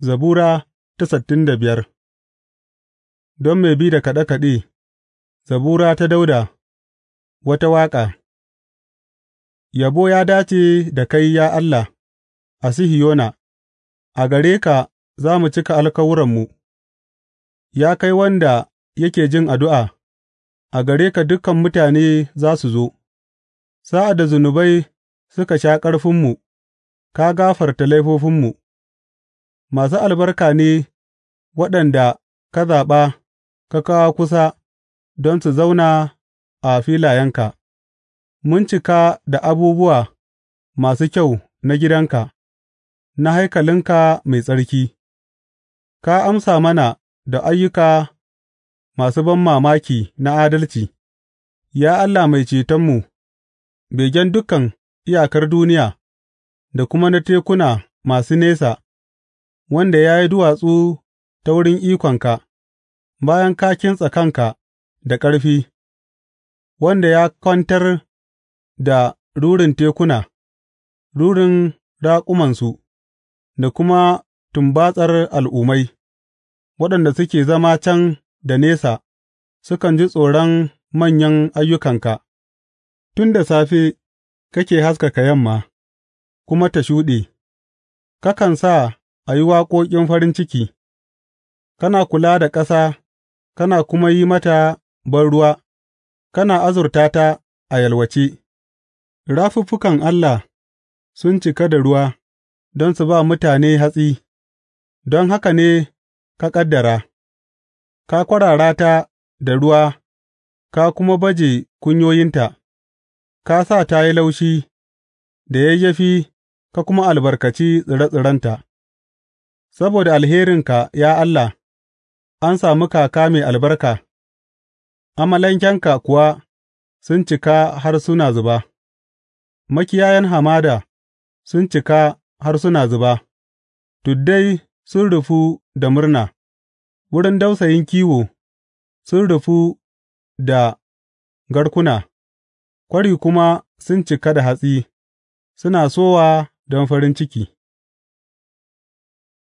Zabura ta sittin da biyar Don mai bi da kaɗe kaɗe, Zabura ta Dauda, wata waƙa Yabo ya dace da kai, ya Allah, a Sihiyona, a gare ka za mu cika alkawuranmu, ya kai wanda yake jin addu'a, a gare ka dukan mutane za su zo, sa'ad da zunubai suka sha ƙarfinmu, ka gafarta laifofinmu. Masu albarka ne waɗanda ka zaɓa ka kawo kusa don su zauna a filayenka; mun cika da abubuwa masu kyau na gidanka, na haikalinka mai tsarki; ka amsa mana da ayyuka masu ban mamaki na adalci, Ya Allah Mai Cetonmu, begen dukan iyakar duniya da kuma na tekuna masu nesa. wanda ya yi duwatsu ta wurin ikonka, bayan ka kintsa kanka da ƙarfi, wanda ya kwantar da rurin tekuna, rurin raƙumansu, da kuma tumbatsar al'ummai, waɗanda suke zama can da nesa sukan ji tsoron manyan ayyukanka, tun da safe kake haskaka yamma, kuma ta shuɗe, kakan sa a yi waƙoƙin farin ciki, kana kula da ƙasa kana kuma yi mata banruwa, kana azurta ta a yalwace, rafuffukan Allah sun cika da ruwa don su ba mutane hatsi, don haka ne ka ƙaddara, ka kwarara ta da ruwa ka kuma baje kunyoyinta, ka sa ta yi laushi da yayyafi ka kuma albarkaci tsire tsirenta. Saboda alherinka, ya Allah, an sami kaka mai albarka, amalankenka kuwa sun cika har suna zuba; makiyayan hamada sun cika har suna zuba, tuddai sun rufu da murna, wurin dausayin kiwo sun rufu da garkuna, kwari kuma sun cika da hatsi, suna sowa don farin ciki.